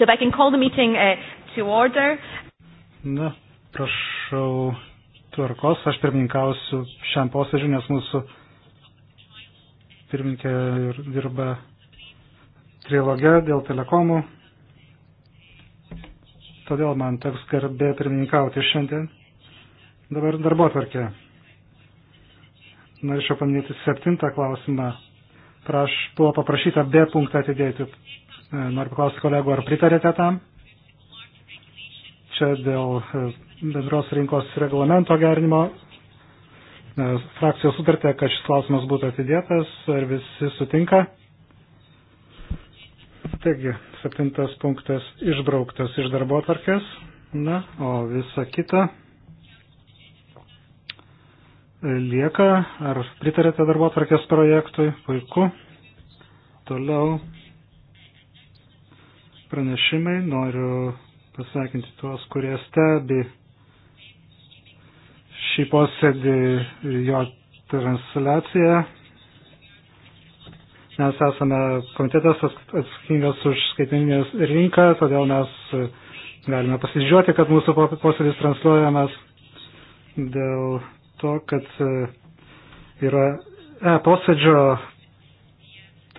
So if I can call the meeting uh, to order. Na, prašau tvarkos, aš pirmininkausiu šiam posėdžiu, nes mūsų pirmininkė dirba trilogė dėl telekomų. Todėl man teks garbė pirmininkauti šiandien. Dabar darbo tvarkė. Norėčiau paminėti septintą klausimą. Praš, buvo paprašyta B punktą atidėti E, noriu paklausti kolegų, ar pritarėte tam? Čia dėl e, bendros rinkos reglamento gerinimo e, frakcijos sutartė, kad šis klausimas būtų atidėtas, ar visi sutinka. Taigi, septintas punktas išbrauktas iš darbo atvarkės, na, o visa kita lieka, ar pritarėte darbo atvarkės projektui, puiku. Toliau pranešimai. Noriu pasveikinti tuos, kurie stebi šį posėdį ir jo transliaciją. Mes esame komitetas atsakingas už skaitminės rinką, todėl mes galime pasidžiuoti, kad mūsų posėdis transliuojamas dėl to, kad e, yra e-posėdžio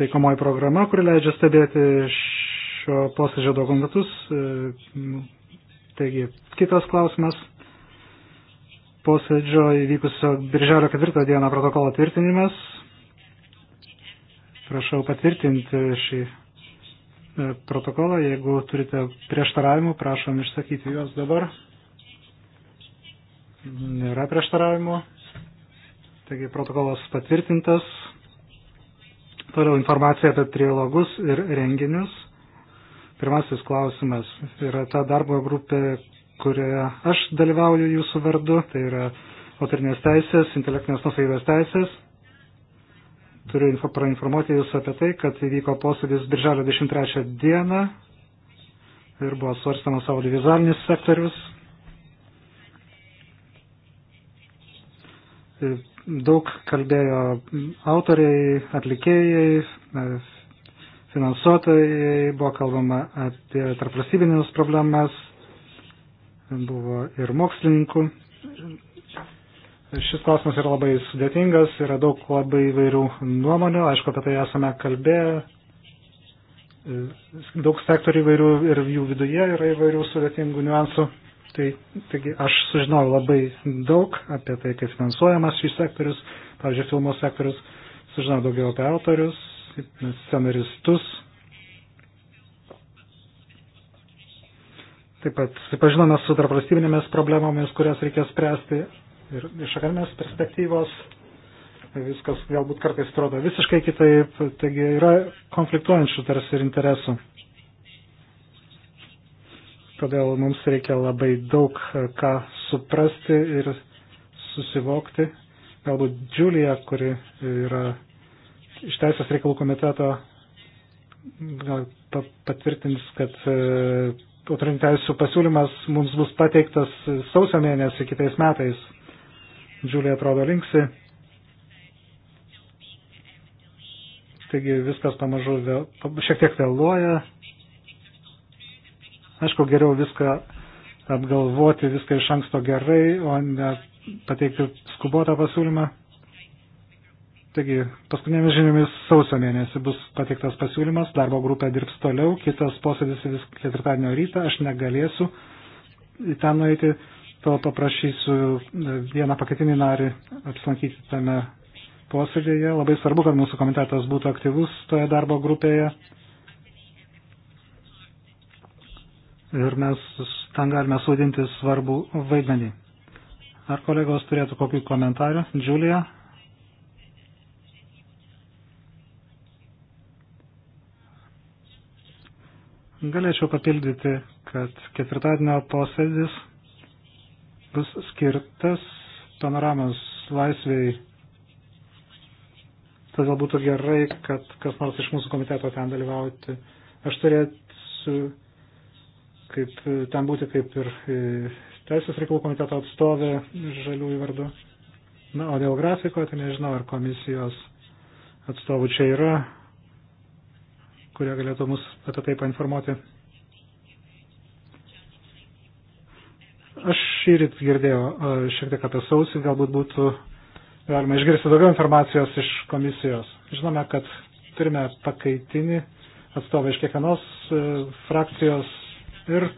taikomoji programa, kuri leidžia stebėti šio posėdžio dokumentus. E, taigi, kitas klausimas. Posėdžio įvykusio birželio 4 dieną protokolo tvirtinimas. Prašau patvirtinti šį e, protokolą. Jeigu turite prieštaravimų, prašom išsakyti juos dabar. Nėra prieštaravimų. Taigi protokolas patvirtintas. Toliau informacija apie trilogus ir renginius. Pirmasis klausimas yra ta darbo grupė, kurioje aš dalyvauju jūsų vardu, tai yra autorinės teisės, intelektinės nusavybės teisės. Turiu info, prainformuoti jūs apie tai, kad įvyko posėdis birželio 23 dieną ir buvo svarstamas audiovizualinis sektorius. Daug kalbėjo autoriai, atlikėjai, finansuotojai, buvo kalbama apie tarprasybinės problemas, buvo ir mokslininkų. Šis klausimas yra labai sudėtingas, yra daug labai įvairių nuomonių, aišku, apie tai esame kalbėję. Daug sektorių įvairių ir jų viduje yra įvairių sudėtingų niuansų. Tai, taigi aš sužinojau labai daug apie tai, kaip finansuojamas šis sektorius, pavyzdžiui, filmo sektorius, sužinojau daugiau apie autorius, scenaristus. Taip pat susipažinome su tarpvalstybinėmis problemomis, kurias reikės spręsti ir iš akademinės perspektyvos. Viskas galbūt kartais atrodo visiškai kitaip, taigi yra konfliktuojančių tarsi ir interesų. Todėl mums reikia labai daug e, ką suprasti ir susivokti. Galbūt Džiulija, kuri yra iš Teisės reikalų komiteto gal patvirtins, kad e, autorinių teisų pasiūlymas mums bus pateiktas sausio mėnesį kitais metais. Džiulė atrodo linksi. Taigi viskas pamažu vėl, šiek tiek vėluoja. Aišku, geriau viską apgalvoti, viską iš anksto gerai, o ne pateikti skubotą pasiūlymą. Taigi, paskutinėmis žiniomis sausio mėnesį bus pateiktas pasiūlymas, darbo grupė dirbs toliau, kitas posėdis vis ketvirtadienio rytą, aš negalėsiu į ten nueiti, to paprašysiu e, vieną paketinį narį apsilankyti tame posėdėje. Labai svarbu, kad mūsų komitetas būtų aktyvus toje darbo grupėje. Ir mes ten galime sudinti svarbų vaidmenį. Ar kolegos turėtų kokių komentarių? Džiulija? Galėčiau papildyti, kad ketvirtadienio posėdis bus skirtas panoramos laisviai. Todėl būtų gerai, kad kas nors iš mūsų komiteto ten dalyvauti. Aš turėsiu kaip, ten būti kaip ir e, Teisės reikalų komiteto atstovė žaliųjų vardu. Na, o dėl grafiko, tai nežinau, ar komisijos atstovų čia yra, kurie galėtų mus apie tai painformuoti. Aš šįryt girdėjau e, šiek tiek apie sausį, galbūt būtų galima išgirsti daugiau informacijos iš komisijos. Žinome, kad turime pakaitinį atstovą iš kiekvienos e, frakcijos ir e,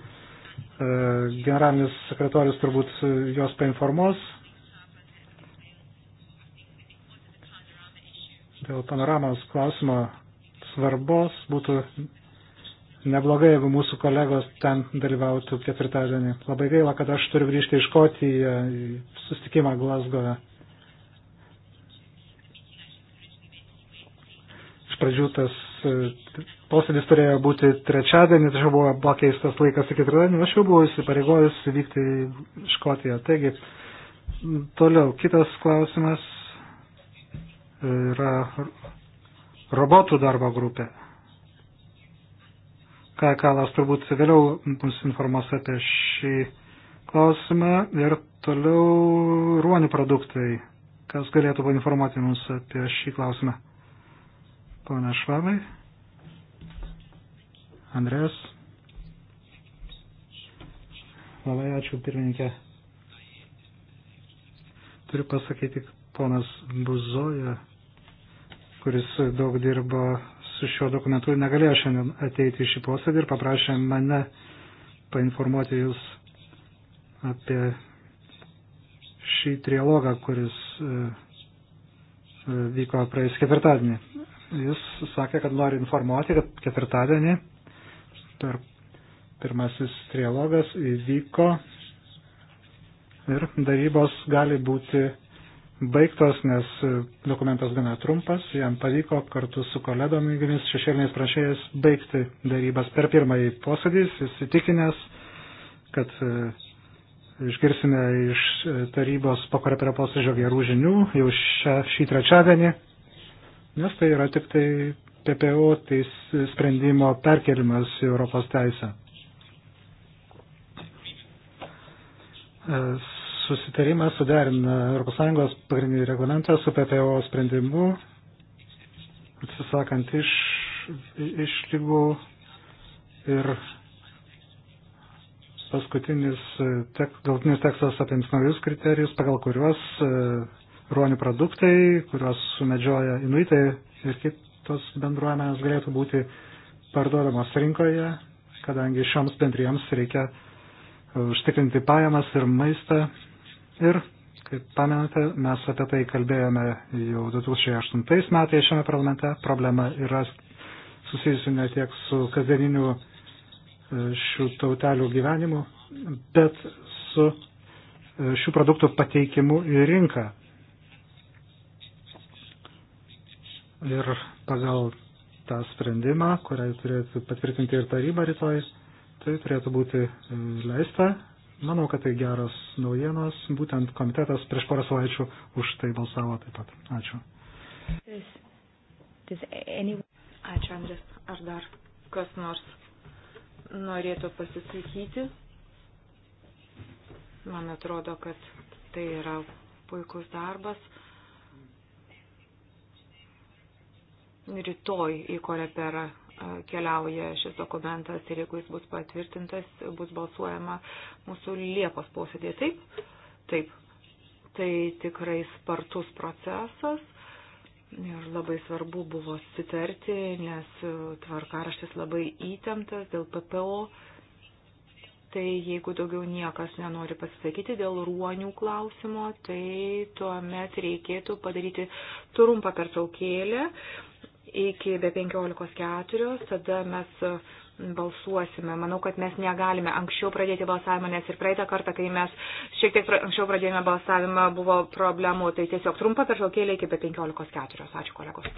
generalinis sekretorius turbūt jos painformuos. Dėl panoramos klausimo svarbos. Būtų neblogai, jeigu mūsų kolegos ten dalyvautų ketvirtadienį. Labai gaila, kad aš turiu grįžti iš Škotiją į sustikimą Glasgow. Iš pradžių tas e, posėdis turėjo būti trečiadienį, tačiau buvo pakeistas laikas į ketvirtadienį, aš jau buvau įsipareigojus vykti į Škotiją. Taigi, toliau, kitas klausimas e, yra robotų darbo grupė. Ką Kalas turbūt vėliau mus informuos apie šį klausimą ir toliau ruonių produktai. Kas galėtų painformuoti mus apie šį klausimą? Pana Švabai. Andrės. Labai ačiū pirmininkė. Turiu pasakyti, ponas Buzoja kuris daug dirbo su šiuo dokumentu, negalėjo šiandien ateiti į šį posėdį ir paprašė mane painformuoti jūs apie šį trialogą, kuris e, e, vyko praėjus ketvirtadienį. Jis sakė, kad nori informuoti, kad ketvirtadienį per pirmasis trialogas įvyko ir darybos gali būti baigtos, nes dokumentas gana trumpas, jam pavyko kartu su kolegomis šešėliniais prašėjais baigti darybas per pirmąjį posėdį, įsitikinęs, kad e, išgirsime iš e, tarybos pokoreprio posėdžio gerų žinių jau šią, šį trečiadienį, nes tai yra tik tai PPO teis sprendimo perkelimas į Europos teisę. E, susitarimas suderina ES pagrindinį reglamentą su PPO sprendimu, atsisakant iš, išlygų ir paskutinis tek, galtinis tekstas apims naujus kriterijus, pagal kuriuos e, ruonių produktai, kuriuos sumedžioja inuitai ir kitos bendruomenės galėtų būti parduodamos rinkoje, kadangi šioms bendrijoms reikia e, užtikrinti pajamas ir maistą Ir, kaip pamenate, mes apie tai kalbėjome jau 2008 metais šiame parlamente. Problema yra susijusi ne tiek su kasdieniniu e, šių tautelių gyvenimu, bet su e, šių produktų pateikimu į rinką. Ir pagal tą sprendimą, kurią turėtų patvirtinti ir taryba rytoj, tai turėtų būti e, leista Manau, kad tai geros naujienos. Būtent komitetas prieš porą savaičių už tai balsavo taip pat. Ačiū. Ačiū, Andrės. Ar dar kas nors norėtų pasisakyti? Man atrodo, kad tai yra puikus darbas. Rytoj į Koreperą keliauja šis dokumentas ir jeigu jis bus patvirtintas, bus balsuojama mūsų Liepos posėdėje. Taip, taip, tai tikrai spartus procesas. Ir labai svarbu buvo susitarti, nes tvarkaraštis labai įtemptas dėl PPO. Tai jeigu daugiau niekas nenori pasisakyti dėl ruonių klausimo, tai tuomet reikėtų padaryti trumpą pertraukėlę iki be 15.4, tada mes mm, balsuosime. Manau, kad mes negalime anksčiau pradėti balsavimą, nes ir praeitą kartą, kai mes šiek tiek anksčiau pradėjome balsavimą, buvo problemų. Tai tiesiog trumpa peržalkėlė iki be 15.4. Ačiū kolegos.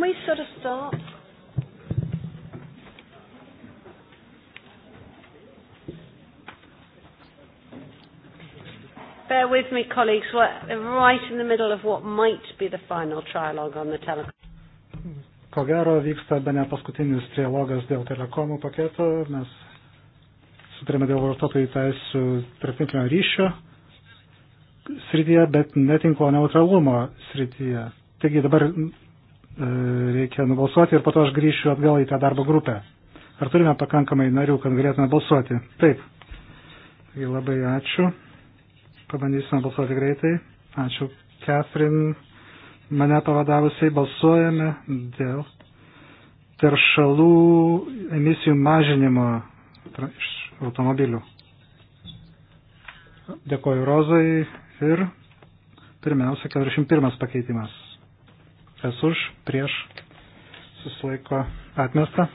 Can we sort of start? Bear with me, colleagues. We're right in the middle of what might be the final trialogue on the telecom. Ko gero vyksta bene paskutinis trialogas dėl telekomų paketo. Mes sutarėme dėl vartotojų teisų tarptinklinio ryšio srityje, bet netinklo neutralumo srityje. Taigi dabar E, reikia nubalsuoti ir po to aš grįšiu atgal į tą darbo grupę. Ar turime pakankamai narių, kad galėtume balsuoti? Taip. Taigi labai ačiū. Pabandysime balsuoti greitai. Ačiū, Catherine. Mane pavadavusiai balsuojame dėl teršalų emisijų mažinimo iš automobilių. Dėkoju Rozai ir pirmiausia 41 pakeitimas kas už, prieš, susilaiko atmesta,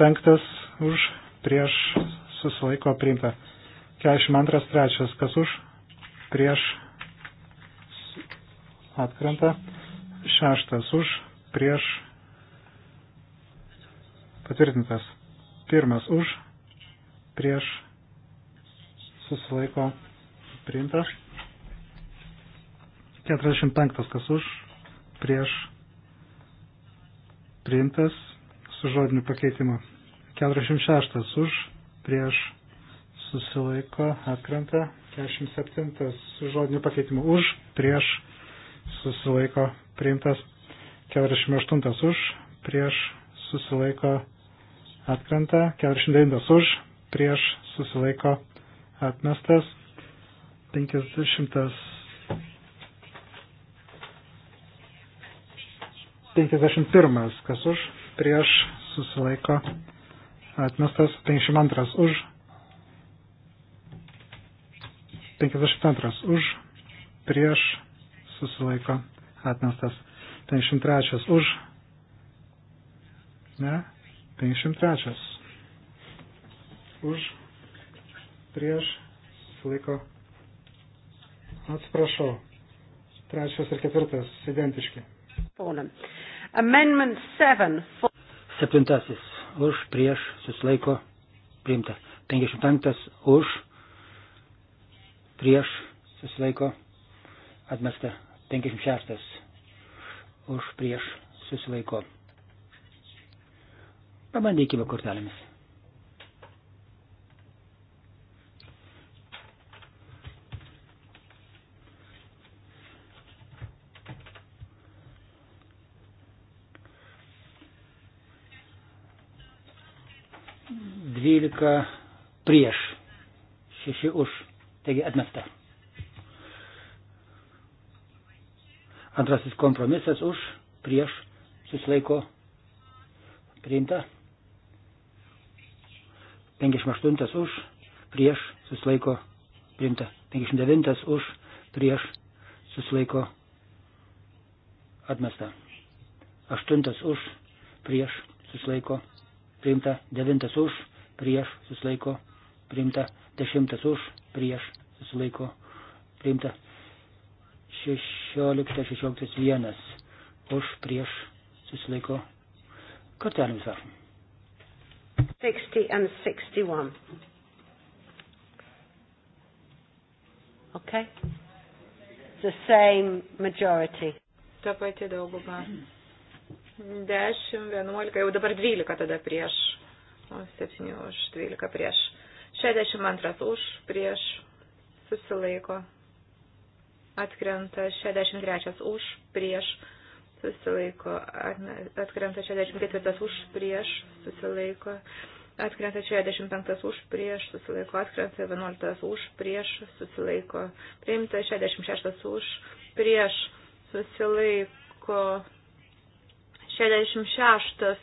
penktas už, prieš, susilaiko priimta, 42 trečias, kas už, prieš, atkrenta, šeštas už, prieš, patvirtintas, pirmas už, prieš, susilaiko priimta, 45 kas už, prieš, priimtas su žodiniu pakeitimu. 46 už, prieš susilaiko, atkrenta. 47 su žodiniu pakeitimu už, prieš susilaiko, priimtas. 48 už, prieš susilaiko, atkrenta. 49 už, prieš susilaiko, atmestas. 50 51. Kas už, prieš, susilaiko. Atmestas 52. Už. 52. Už, prieš, susilaiko. Atmestas 53. Už. Ne. 53. Už, prieš, susilaiko. Atsiprašau. Trečias ir ketvirtas identiški Fallen. Amendment 7. For... Septintasis. Už, prieš, susilaiko, priimta. 55. Už, prieš, susilaiko, atmesta. 56. Už, prieš, susilaiko. Pabandykime kortelėmis. 13 prieš, 6 už. Taigi atmesta. Antrasis kompromisas už, prieš, susilaiko priimta. 58 už, prieš, susilaiko priimta. 59 už, prieš, susilaiko atmesta. 8 už, prieš, susilaiko priimta. 9 už, prieš susilaiko priimta, dešimtas už prieš susilaiko priimta, šešioliktas, šešioliktas vienas už prieš susilaiko kortelėmis rašom. 60 and 61. Okay? The same majority. Ta pati dauguma. 10, 11, jau dabar 12 tada prieš 7 už 12 prieš. 62 už prieš susilaiko. Atkrenta 63 už prieš susilaiko. Atkrenta 64 už prieš susilaiko. Atkrenta 65 už prieš susilaiko. Atkrenta 11 už prieš susilaiko. Priimta 66 už prieš susilaiko. 66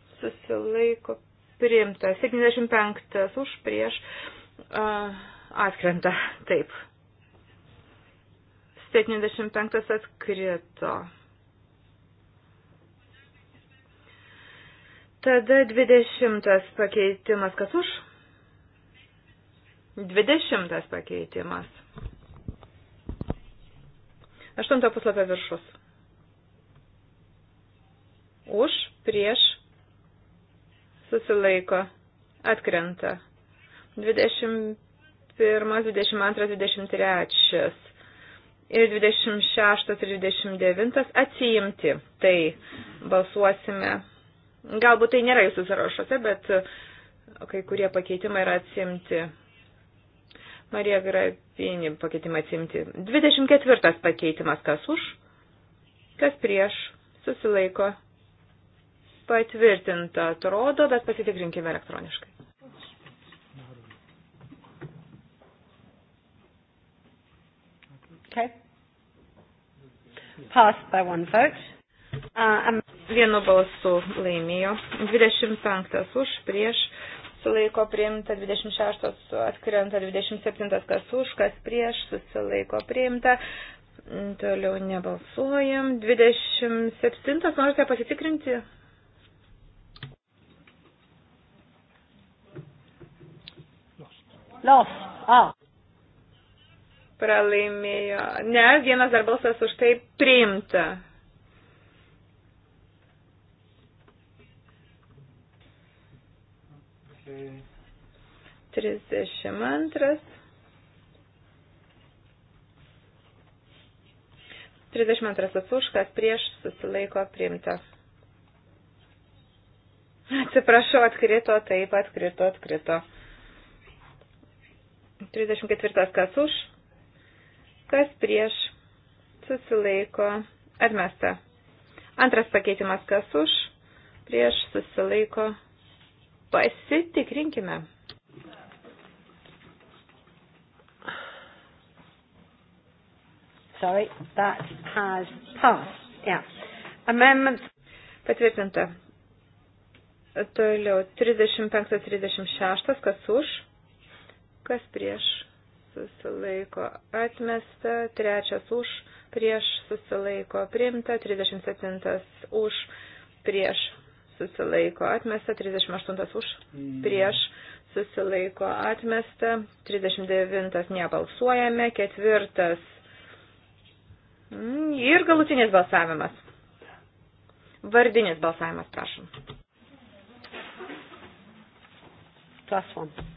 susilaiko priimta. 75 už prieš uh, atkrenta. Taip. 75 atkrito. Tada 20 pakeitimas. Kas už? 20 pakeitimas. 8 puslapio viršus. Už, prieš, susilaiko, atkrenta. 21, 22, 23 ir 26 ir 29 atsijimti. Tai balsuosime. Galbūt tai nėra jūsų sąrašuose, bet kai kurie pakeitimai yra atsimti. Marija Grapinį pakeitimą atsimti. 24 pakeitimas kas už, kas prieš, susilaiko, Patvirtinta, atrodo, bet pasitikrinkime elektroniškai. Okay. Passed by one vote. Uh, Vienu balsu laimėjo. 25 už, prieš susilaiko priimta, 26 atkrenta, 27 kas už, kas prieš susilaiko priimta. Toliau nebalsuojam. 27 norite pasitikrinti? Los. Ah. Pralaimėjo. Ne, vienas dar balsas už tai priimta. Trisdešimt antras. 32 atsuškas prieš susilaiko priimta. Atsiprašau, atkrito, taip atkrito, atkrito. 34 kas už, kas prieš, susilaiko, atmesta. Antras pakeitimas kas už, prieš, susilaiko, pasitikrinkime. Sorry, that has passed. Yeah. Amendment. Patvirtinta. Toliau 35-36, kas už, kas prieš susilaiko atmesta, trečias už, prieš susilaiko priimta, 37 už, prieš susilaiko atmesta, 38 už, prieš susilaiko atmesta, 39 nebalsuojame, ketvirtas mm, ir galutinis balsavimas. Vardinis balsavimas, prašom. Plus one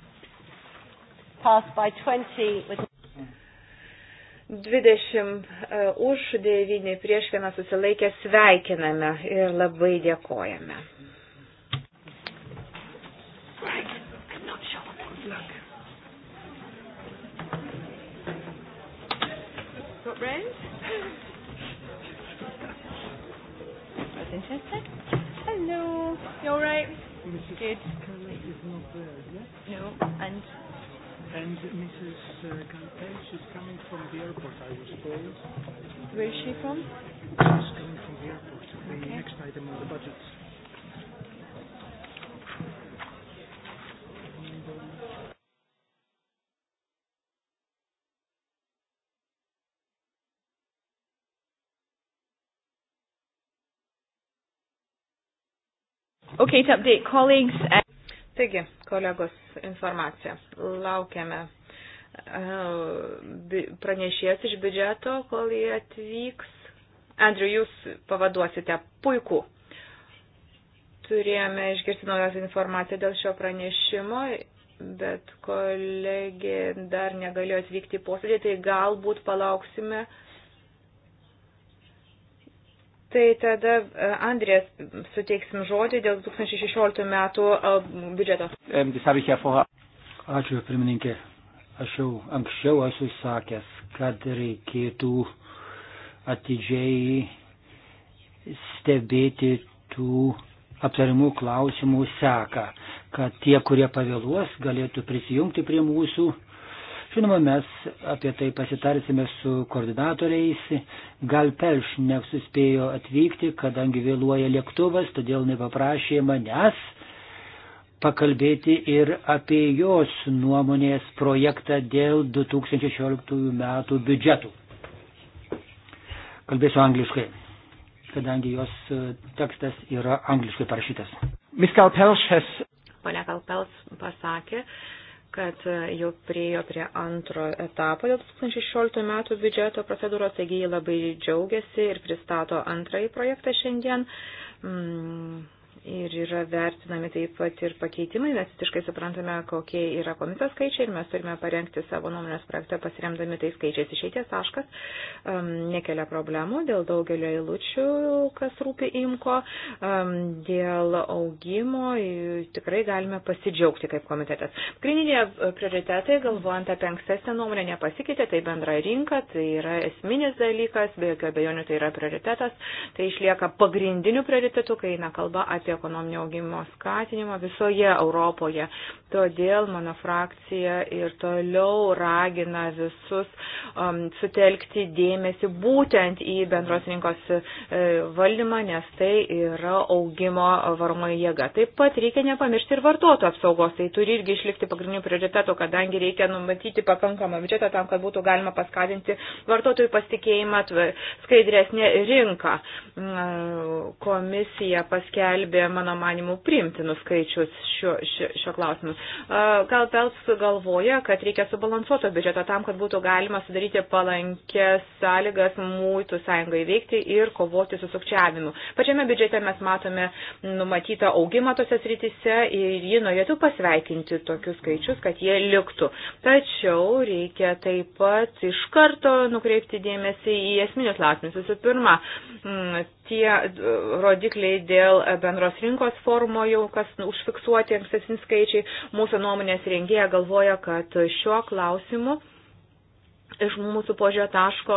passed by 20 with 20 e, už 9 prieš vieną susilaikę sveikiname ir labai dėkojame. Hello, you alright? Good. Is not there, yeah? No, and And Mrs. Uh, Gantel, she's coming from the airport, I was told. Where is she from? She's coming from the airport. The okay. next item on the budget. Okay, to update colleagues. Taigi, kolegos informacija. Laukiame e, pranešės iš biudžeto, kol jie atvyks. Andriu, jūs pavaduosite puikų. Turėjome išgirsti naujos informaciją dėl šio pranešimo, bet kolegė dar negalėjo atvykti į posėdį, tai galbūt palauksime Tai tada e, Andrės suteiksim žodį dėl 2016 metų e, biudžeto. Ačiū, pirmininkė. Aš jau anksčiau esu sakęs, kad reikėtų atidžiai stebėti tų aptarimų klausimų seką, kad tie, kurie pavėluos, galėtų prisijungti prie mūsų Žinoma, mes apie tai pasitarsime su koordinatoriais. Gal Pelš nesuspėjo atvykti, kadangi vėluoja lėktuvas, todėl nepaprašė manęs pakalbėti ir apie jos nuomonės projektą dėl 2016 metų biudžetų. Kalbėsiu angliškai, kadangi jos tekstas yra angliškai parašytas. Miskal Pelš has. Pane Kalpels pasakė, kad e, jau priejo prie antro etapo 2016 metų biudžeto procedūros, taigi jie labai džiaugiasi ir pristato antrąjį projektą šiandien. Mm Ir yra vertinami taip pat ir pakeitimai, mes visiškai suprantame, kokie yra komisijos skaičiai ir mes turime parengti savo nuomonės projektą pasiremdami tais skaičiais. Išeities taškas um, nekelia problemų dėl daugelio eilučių, kas rūpi imko, um, dėl augimo tikrai galime pasidžiaugti kaip komitetas. Pagrindinė e, prioritetai, galvojant apie ankstesnę nuomonę, nepasikeitė, tai bendra rinka, tai yra esminis dalykas, be jokio abejonių tai yra prioritetas, tai išlieka pagrindiniu prioritetu, kai eina kalba apie prie ekonominio augimo skatinimo visoje Europoje. Todėl mano frakcija ir toliau ragina visus um, sutelkti dėmesį būtent į bendros rinkos e, valdymą, nes tai yra augimo varomo jėga. Taip pat reikia nepamiršti ir vartotojų apsaugos, tai turi irgi išlikti pagrindinių prioritetų, kadangi reikia numatyti pakankamą biudžetą tam, kad būtų galima paskatinti vartotojų pasitikėjimą skaidresnė rinka. Komisija paskelbė apie, mano manimų, priimtinus skaičius šio, šio, šio klausimu. Gal Pels galvoja, kad reikia subalansuoto biudžeto tam, kad būtų galima sudaryti palankės sąlygas mūtų sąjungai veikti ir kovoti su sukčiavimu. Pačiame biudžete mes matome numatytą augimą tose srityse ir ji norėtų pasveikinti tokius skaičius, kad jie liktų. Tačiau reikia taip pat iš karto nukreipti dėmesį į esminius klausimus. Visų pirma, tie rodikliai dėl bendros vienos rinkos forumo jau kas užfiksuoti ankstesni skaičiai. Mūsų nuomonės rengėja galvoja, kad šiuo klausimu iš mūsų požio taško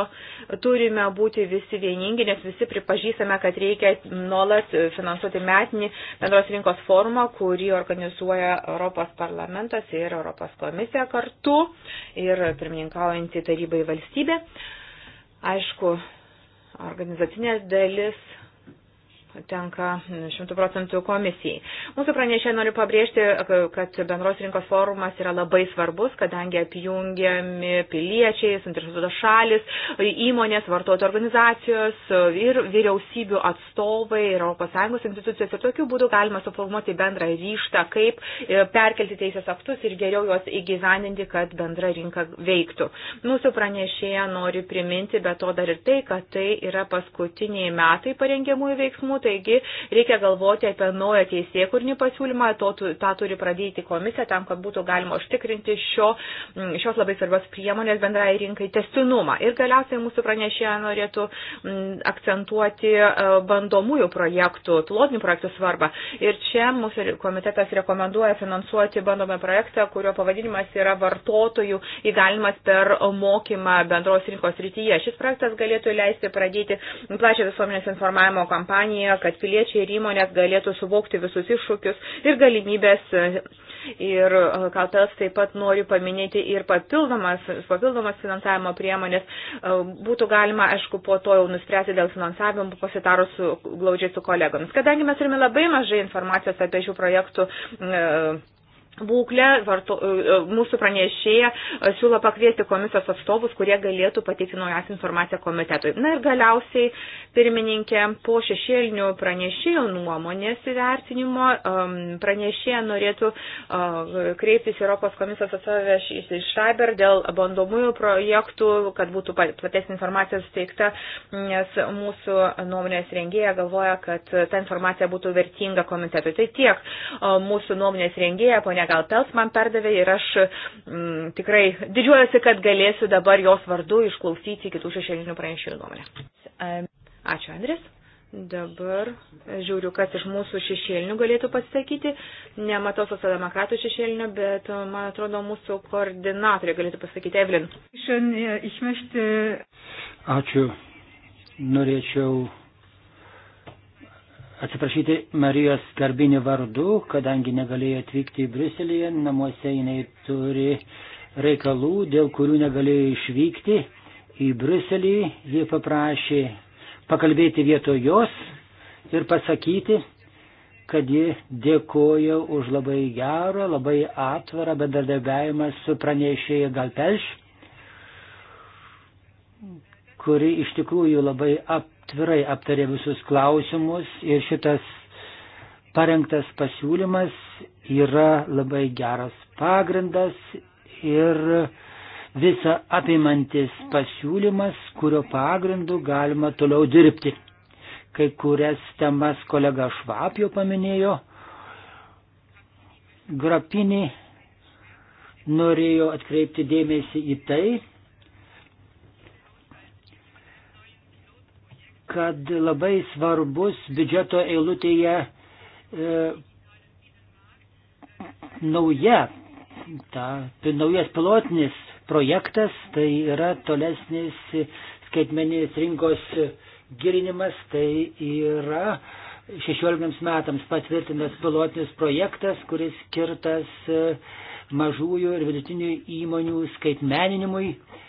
turime būti visi vieningi, nes visi pripažįstame, kad reikia nuolat finansuoti metinį bendros rinkos formą, kurį organizuoja Europos parlamentas ir Europos komisija kartu ir pirmininkaujantį tarybai valstybė. Aišku, organizacinės dalis tenka 100 procentų komisijai. Mūsų pranešė noriu pabrėžti, kad bendros rinkos forumas yra labai svarbus, kadangi apjungiami piliečiai, suinteresuotos šalis, įmonės, vartotojų organizacijos ir vyriausybių atstovai ir ES institucijos. Ir tokiu būdu galima suformuoti bendrą ryštą, kaip perkelti teisės aktus ir geriau juos įgyvendinti, kad bendra rinka veiktų. Mūsų pranešėja nori priminti be to dar ir tai, kad tai yra paskutiniai metai parengiamųjų veiksmų, tai taigi reikia galvoti apie naują teisėkurnį pasiūlymą, to, tą turi pradėti komisija tam, kad būtų galima užtikrinti šio, šios labai svarbios priemonės bendrai rinkai testinumą. Ir galiausiai mūsų pranešėja norėtų akcentuoti e, bandomųjų projektų, pilotinių projektų svarbą. Ir čia mūsų komitetas rekomenduoja finansuoti bandomą projektą, kurio pavadinimas yra vartotojų įgalimas per mokymą bendros rinkos rytyje. Šis projektas galėtų leisti pradėti plačią visuomenės informavimo kampaniją, kad piliečiai ir įmonės galėtų suvokti visus iššūkius ir galimybės. Ir e, Kaltas taip pat nori paminėti ir papildomas, papildomas finansavimo priemonės. E, būtų galima, aišku, po to jau nuspręsti dėl finansavimo, pasitarus su, glaudžiai su kolegomis. Kadangi mes turime labai mažai informacijos apie šių projektų e, būklę, varto, e, e, mūsų pranešėja e, siūlo pakviesti komisijos atstovus, kurie galėtų pateikti naujas informaciją komitetui. Na ir galiausiai, pirmininkė, po šešėlinių pranešėjų nuomonės įvertinimo pranešėja norėtų kreiptis Europos komisijos atstovę iš Šaiber dėl bandomųjų projektų, kad būtų platesnė informacija suteikta, nes mūsų nuomonės rengėja galvoja, kad ta informacija būtų vertinga komitetui. Tai tiek mūsų nuomonės rengėja, ponia Senegal Pels man perdavė ir aš m, mm, tikrai didžiuojasi, kad galėsiu dabar jos vardu išklausyti kitų šešėlinių pranešėjų nuomonę. Um, Ačiū, Andris. Dabar žiūriu, kas iš mūsų šešėlinių galėtų pasakyti. Nematau socialdemokratų šešėlinio, bet man atrodo mūsų koordinatorė galėtų pasakyti. Evelin. E, Ačiū. Norėčiau atsiprašyti Marijos Garbinį vardu, kadangi negalėjo atvykti į Briuselį, namuose jinai turi reikalų, dėl kurių negalėjo išvykti į Briuselį, ji paprašė pakalbėti vietoj jos ir pasakyti, kad ji dėkoja už labai gerą, labai atvarą bendradarbiavimą su pranešėja Galpelš, kuri iš tikrųjų labai ap atvirai aptarė visus klausimus ir šitas parengtas pasiūlymas yra labai geras pagrindas ir visa apimantis pasiūlymas, kurio pagrindu galima toliau dirbti. Kai kurias temas kolega Švapio paminėjo, Grapinį norėjo atkreipti dėmesį į tai, kad labai svarbus biudžeto eilutėje e, nauja, ta, naujas pilotinis projektas, tai yra tolesnis skaitmeninės rinkos gilinimas, tai yra 16 metams patvirtintas pilotinis projektas, kuris skirtas e, mažųjų ir vidutinių įmonių skaitmeninimui. E,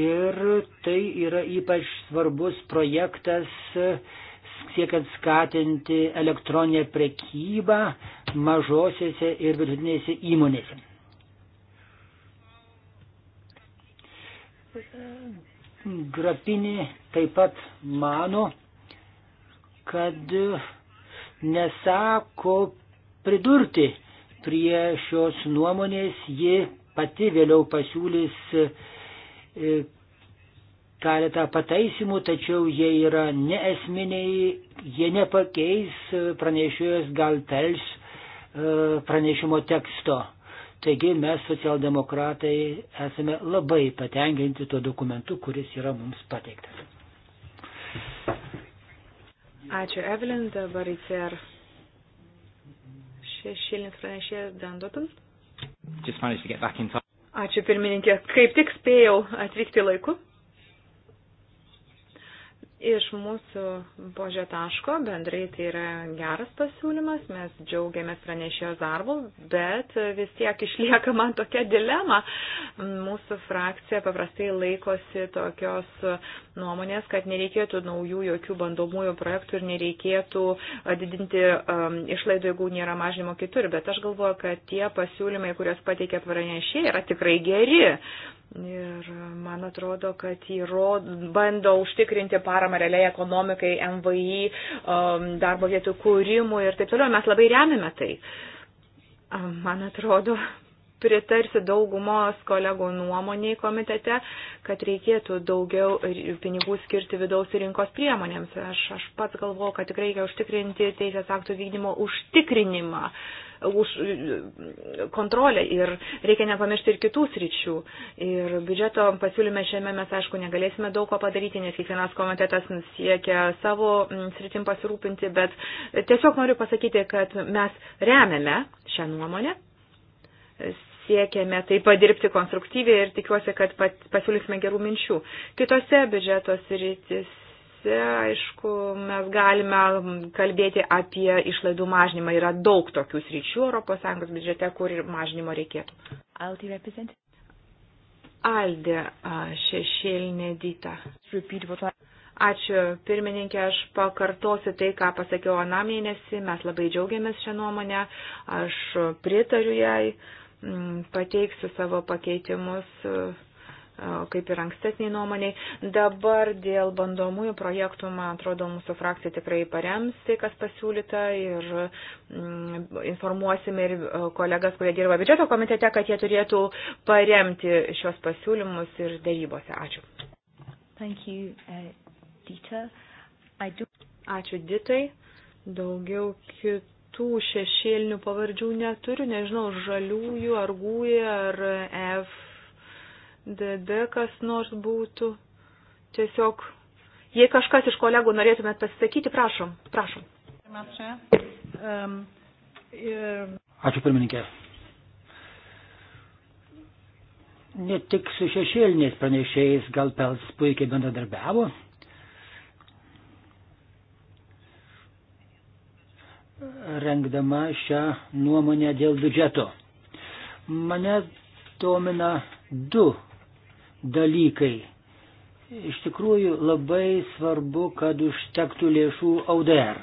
Ir tai yra ypač svarbus projektas e, siekiant skatinti elektroninę prekybą mažosiose ir vidutinėse įmonėse. Grapinė taip pat mano, kad nesako pridurti prie šios nuomonės, ji pati vėliau pasiūlys uh, E, keletą pataisimų, tačiau jie yra neesminiai, jie nepakeis pranešėjos gal tels e, pranešimo teksto. Taigi mes socialdemokratai esame labai patenkinti tuo dokumentu, kuris yra mums pateiktas. Ačiū, Evelyn, dabar ICR. Šešėlinis pranešėjas Dandotum. Just managed to get back in time. Ačiū pirmininkė. Kaip tik spėjau atvykti laiku. Iš mūsų požio taško bendrai tai yra geras pasiūlymas, mes džiaugiamės pranešėjo darbu, bet vis tiek išlieka man tokia dilema. Mūsų frakcija paprastai laikosi tokios nuomonės, kad nereikėtų naujų jokių bandomųjų projektų ir nereikėtų didinti um, išlaidų, jeigu nėra mažinimo kitur, bet aš galvoju, kad tie pasiūlymai, kuriuos pateikė pranešėjai, yra tikrai geri. Ir man atrodo, kad jį bando užtikrinti paramą realiai ekonomikai, MVI, um, darbo vietų kūrimui ir taip toliau. Mes labai remime tai. Um, man atrodo, pritarsiu daugumos kolegų nuomoniai komitete, kad reikėtų daugiau pinigų skirti vidaus rinkos priemonėms. Aš, aš pats galvoju, kad tikrai reikia užtikrinti teisės aktų vykdymo užtikrinimą. Uh, už kontrolę ir reikia nepamiršti ir kitų sričių. Ir biudžeto pasiūlyme šiame mes, aišku, negalėsime daug ko padaryti, nes kiekvienas komitetas siekia savo mm, sritim pasirūpinti, bet tiesiog noriu pasakyti, kad mes remiame šią nuomonę siekiame taip padirbti konstruktyviai ir tikiuosi, kad pasiūlysime gerų minčių. Kitose biudžeto sritis srityse, aišku, mes galime kalbėti apie išlaidų mažinimą. Yra daug tokių sričių ES biudžete, kur mažinimo reikėtų. Aldė šešėlinė dyta. Ačiū, pirmininkė, aš pakartosiu tai, ką pasakiau aną mėnesį, mes labai džiaugiamės šią nuomonę, aš pritariu jai, pateiksiu savo pakeitimus kaip ir ankstesniai nuomoniai. Dabar dėl bandomųjų projektų, man atrodo, mūsų frakcija tikrai parems tai, kas pasiūlyta ir mm, informuosime ir kolegas, kurie dirba biudžeto komitete, kad jie turėtų paremti šios pasiūlymus ir darybose. Ačiū. Thank you, uh, Dita. I do... Ačiū Ditai. Daugiau kitų tų šešėlinių pavardžių neturiu, nežinau, žaliųjų, ar gūjų, ar F DD kas nors būtų. Tiesiog, jei kažkas iš kolegų norėtumėt pasisakyti, prašom, prašom. Ačiū pirmininkė. Ne tik su šešėliniais pranešėjais gal Pels puikiai bendradarbiavo. Rengdama šią nuomonę dėl biudžeto. Mane domina du dalykai. Iš tikrųjų labai svarbu, kad užtektų lėšų AUDR,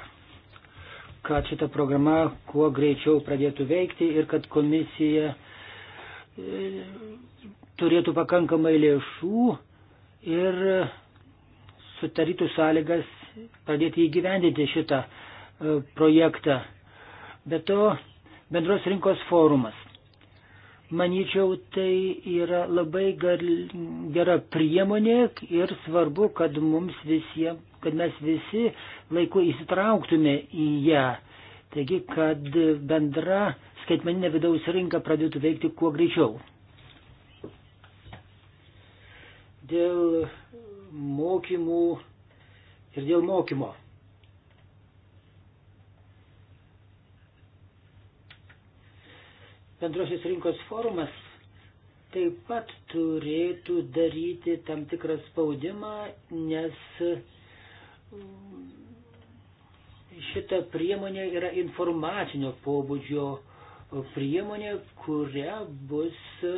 kad šita programa kuo greičiau pradėtų veikti ir kad komisija e, turėtų pakankamai lėšų ir sutarytų sąlygas pradėti įgyvendinti šitą e, projektą. Be to, bendros rinkos forumas. Manyčiau, tai yra labai gal, gera priemonė ir svarbu, kad, visie, kad mes visi laiku įsitrauktume į ją. Taigi, kad bendra skaitmeninė vidaus rinka pradėtų veikti kuo greičiau. Dėl mokymų ir dėl mokymo. bendrosios rinkos forumas taip pat turėtų daryti tam tikrą spaudimą, nes mm, šita priemonė yra informacinio pobūdžio priemonė, kuria bus e,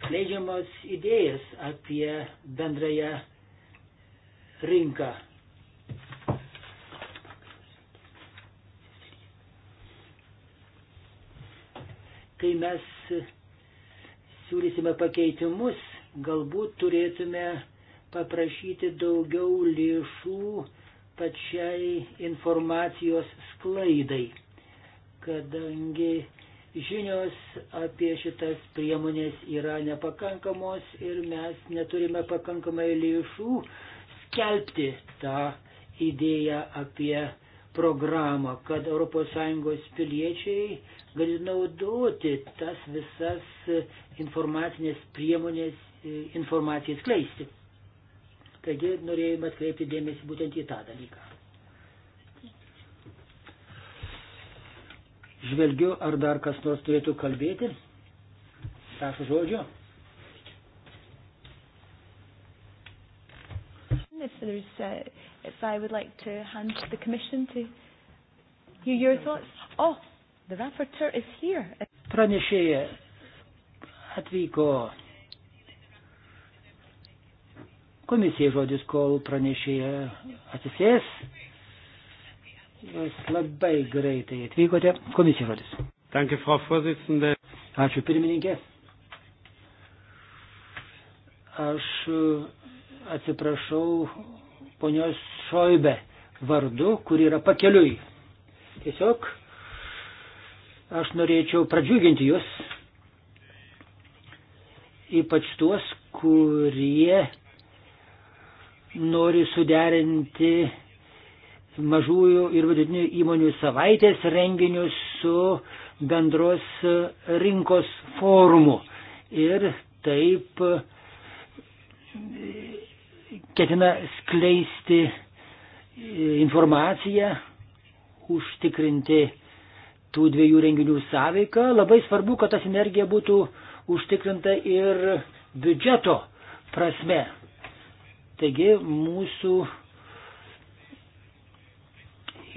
skleidžiamos idėjas apie bendrąją rinką. kai mes siūlysime pakeitimus, galbūt turėtume paprašyti daugiau lėšų pačiai informacijos sklaidai, kadangi žinios apie šitas priemonės yra nepakankamos ir mes neturime pakankamai lėšų skelbti tą idėją apie programą, kad ES piliečiai gali naudoti tas visas informacinės priemonės e, informacijai skleisti. Taigi norėjome atkreipti dėmesį būtent į tą dalyką. Žvelgiu, ar dar kas nors turėtų kalbėti. Prašau žodžio. If there's uh, So I would like to hand to the Commission to hear your thoughts. Oh, the rapporteur is here. Pranešėja atvyko. Komisija žodis, kol pranešėja atsisės. Jūs labai greitai atvykote. Komisija žodis. Danke, Frau Vorsitzende. Ačiū pirmininkė. Aš atsiprašau ponios Šoibe vardu, kur yra pakeliui. Tiesiog aš norėčiau pradžiuginti jūs, ypač tuos, kurie nori suderinti mažųjų ir vidutinių įmonių savaitės renginius su bendros rinkos forumu. Ir taip ketina skleisti informaciją, užtikrinti tų dviejų renginių sąveiką. Labai svarbu, kad ta sinergija būtų užtikrinta ir biudžeto prasme. Taigi mūsų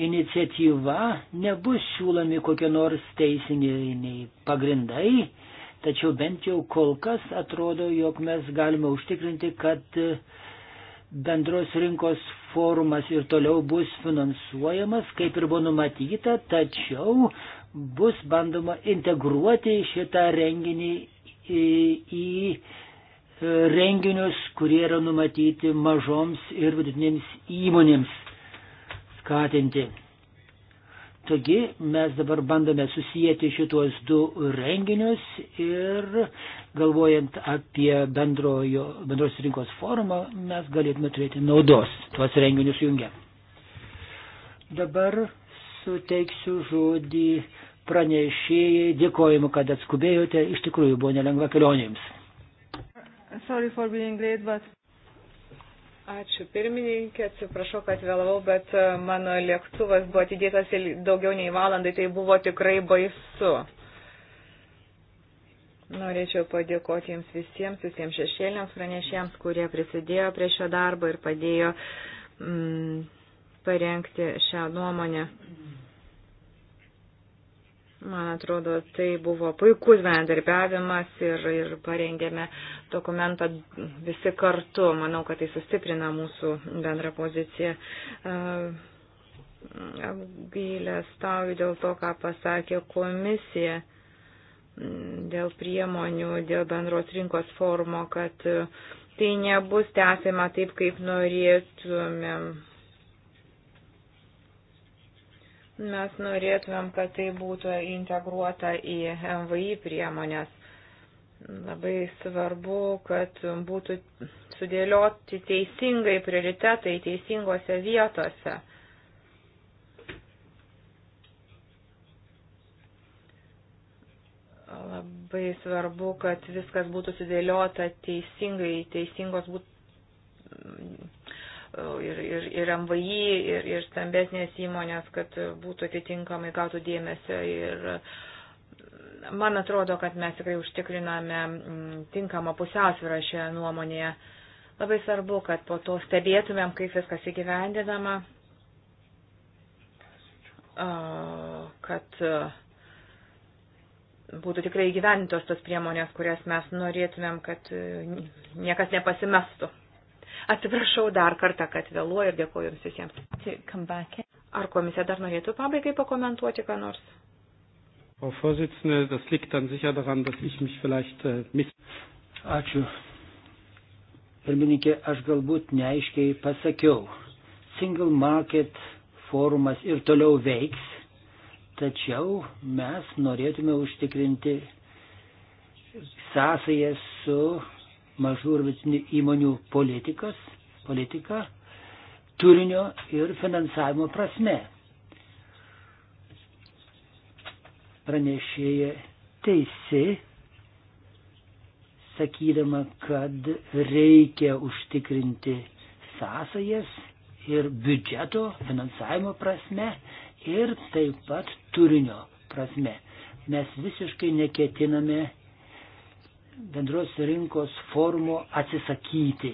iniciatyva nebus siūlomi kokie nors teisiniai pagrindai, tačiau bent jau kol kas atrodo, jog mes galime užtikrinti, kad bendros rinkos forumas ir toliau bus finansuojamas, kaip ir buvo numatyta, tačiau bus bandoma integruoti šitą renginį į, į e, renginius, kurie yra numatyti mažoms ir vidutinėms įmonėms skatinti. Taigi mes dabar bandome susijęti šitos du renginius ir galvojant apie bendrojo, bendros rinkos formą, mes galėtume turėti naudos tuos renginius jungę. Dabar suteiksiu žodį pranešėjai, dėkojimu, kad atskubėjote, iš tikrųjų buvo nelengva kelionėms. Late, but... Ačiū pirmininkė, atsiprašau, kad vėlavau, bet e, mano lėktuvas buvo atidėtas daugiau nei valandai, tai buvo tikrai baisu. Norėčiau padėkoti jums visiems, visiems šešėliams pranešėjams, kurie prisidėjo prie šio darbo ir padėjo mm, parengti šią nuomonę. Mm. Man atrodo, tai buvo puikus bendarbiavimas ir, ir parengėme dokumentą visi kartu. Manau, kad tai sustiprina mūsų bendrą poziciją. Apgailę stauju dėl to, ką pasakė komisija dėl priemonių, dėl bendros rinkos formo, kad tai nebus tęsiama taip, kaip norėtumėm Mes norėtumėm, kad tai būtų integruota į MVI priemonės. Labai svarbu, kad būtų sudėlioti teisingai prioritetai teisingose vietose. Labai svarbu, kad viskas būtų sudėliota teisingai, teisingos būtų ir, ir, ir MVI, ir, ir stambesnės įmonės, kad būtų atitinkamai gautų dėmesio. Ir mm, man atrodo, kad mes tikrai užtikriname mm, tinkamą pusiausvyrą šioje nuomonėje. Labai svarbu, kad po to stebėtumėm, kaip viskas įgyvendinama, kad būtų tikrai įgyvendintos tos priemonės, kurias mes norėtumėm, kad niekas nepasimestų. Atsiprašau dar kartą, kad vėluoju ir dėkuoju Jums visiems. Ar komisija dar norėtų pabaigai pakomentuoti, ką nors? Frau Vorsitzende, das liegt dann sicher daran, dass ich mich vielleicht äh, mis. Ačiū. Pirmininkė, aš galbūt neaiškiai pasakiau. Single market forumas ir toliau veiks, tačiau mes norėtume užtikrinti sąsajas su mažų ir vidutinių įmonių politikas, politika turinio ir finansavimo prasme. Pranešėja teisi, sakydama, kad reikia užtikrinti sąsajas ir biudžeto finansavimo prasme ir taip pat turinio prasme. Mes visiškai neketiname bendros rinkos formų atsisakyti.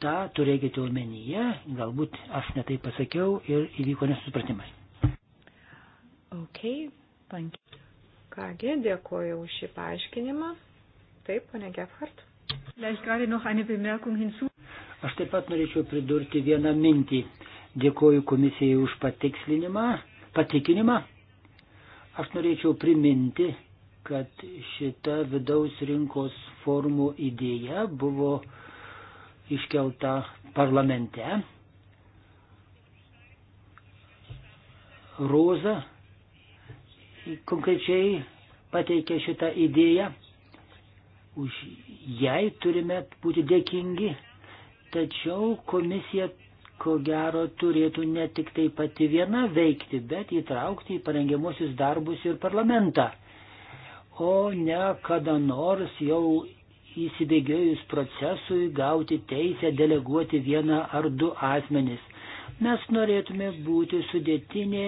Ta turėkite omenyje, galbūt aš netai pasakiau ir įvyko nesupratimas. Okay, thank you. Kągi, dėkoju už šį paaiškinimą. Taip, ponė Gefhardt. Aš taip pat norėčiau pridurti vieną mintį. Dėkoju komisijai už patikslinimą, patikinimą. Aš norėčiau priminti, kad šita vidaus rinkos formų idėja buvo iškelta parlamente. Roza konkrečiai pateikė šitą idėją. Už jai turime būti dėkingi, tačiau komisija ko gero turėtų ne tik tai pati viena veikti, bet įtraukti į parengiamusius darbus ir parlamentą o ne kada nors jau įsibėgėjus procesui gauti teisę deleguoti vieną ar du asmenis. Mes norėtume būti sudėtinė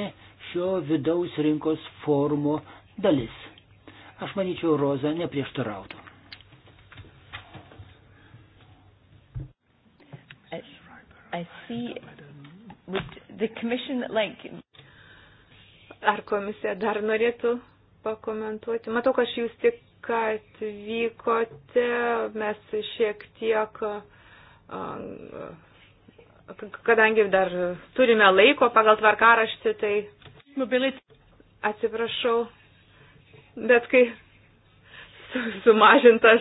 šio vidaus rinkos forumo dalis. Aš manyčiau, Roza neprieštarautų. I, I see. Would the commission like? Ar komisija dar norėtų pakomentuoti? Matau, kad jūs tik ką atvykote, mes šiek tiek, um, kadangi dar turime laiko pagal tvarkaraštį, tai atsiprašau, bet kai sumažintas,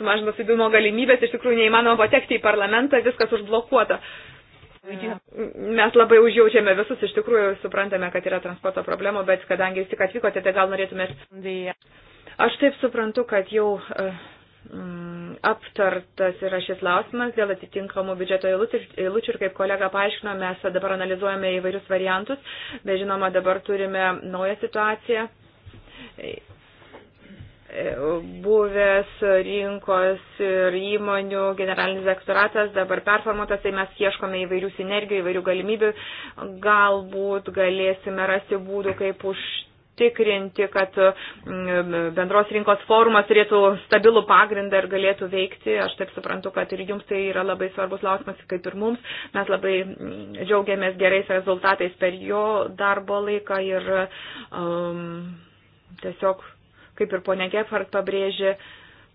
sumažintas įdumo galimybės, iš tikrųjų neįmanoma patekti į parlamentą, viskas užblokuota. Uh, Mes labai užjaučiame visus, iš tikrųjų suprantame, kad yra transporto problemų, bet kadangi jūs tik atvykote, tai gal norėtumėt. Aš taip suprantu, kad jau e, mm, aptartas yra šis klausimas dėl atitinkamų biudžeto eilučių ir kaip kolega paaiškino, mes dabar analizuojame įvairius variantus, bet žinoma, dabar turime naują situaciją buvęs rinkos ir įmonių generalinis dektoratas dabar performuotas, tai mes ieškome įvairių sinergijų, įvairių galimybių, galbūt galėsime rasti būdų, kaip užtikrinti, kad mm, bendros rinkos forumas turėtų stabilų pagrindą ir galėtų veikti. Aš taip suprantu, kad ir jums tai yra labai svarbus lausimas, kaip ir mums. Mes labai mm, džiaugiamės gerais rezultatais per jo darbo laiką ir um, tiesiog kaip ir ponia Gephardt pabrėžė,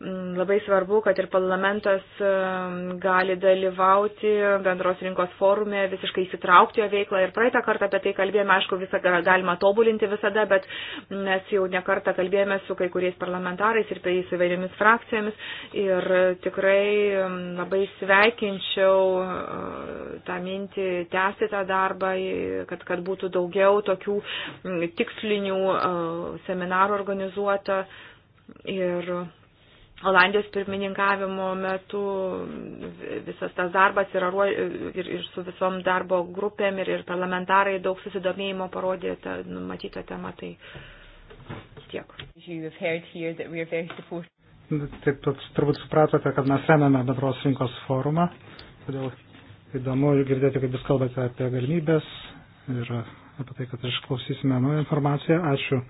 Mm, labai svarbu, kad ir parlamentas um, gali dalyvauti bendros rinkos forume, visiškai įsitraukti jo veiklą. Ir praeitą kartą apie tai kalbėjome, aišku, visą galima tobulinti visada, bet mes jau nekartą kalbėjome su kai kuriais parlamentarais ir tai su įvairiomis frakcijomis. Ir tikrai um, labai sveikinčiau uh, tą mintį tęsti tą darbą, kad, kad būtų daugiau tokių mm, tikslinių uh, seminarų organizuota. Ir Olandijos pirmininkavimo metu visas tas darbas yra, ir, ir su visom darbo grupėm ir, ir parlamentarai daug susidomėjimo parodė tą numatytą temą. Tai tiek. Taip pat turbūt supratote, kad mes remiame bendros rinkos forumą, todėl įdomu girdėti, kaip jūs kalbate apie galimybės ir apie tai, kad išklausysime naują informaciją. Ačiū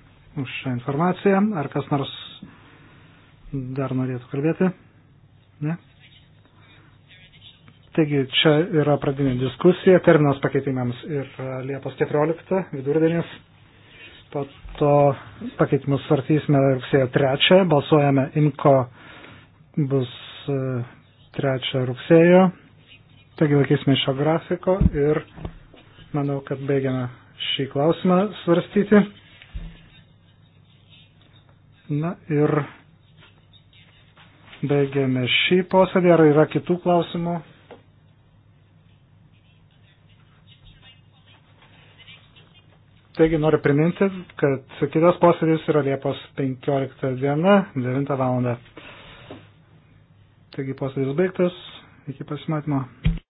už šią informaciją. Ar kas nors dar norėtų kalbėti? Ne? Taigi čia yra pradinė diskusija, terminas pakeitimams yra e, Liepos 14, vidurdienis, po to pakeitimus svartysime rugsėjo 3, balsuojame IMKO bus 3 e, rugsėjo, taigi laikysime šio grafiko ir manau, kad baigiame šį klausimą svarstyti. Na ir Baigėme šį posėdį. Ar yra kitų klausimų? Taigi noriu priminti, kad kitas posėdis yra Liepos 15 diena, 9 val. Taigi posėdis baigtas. Iki pasimatymo.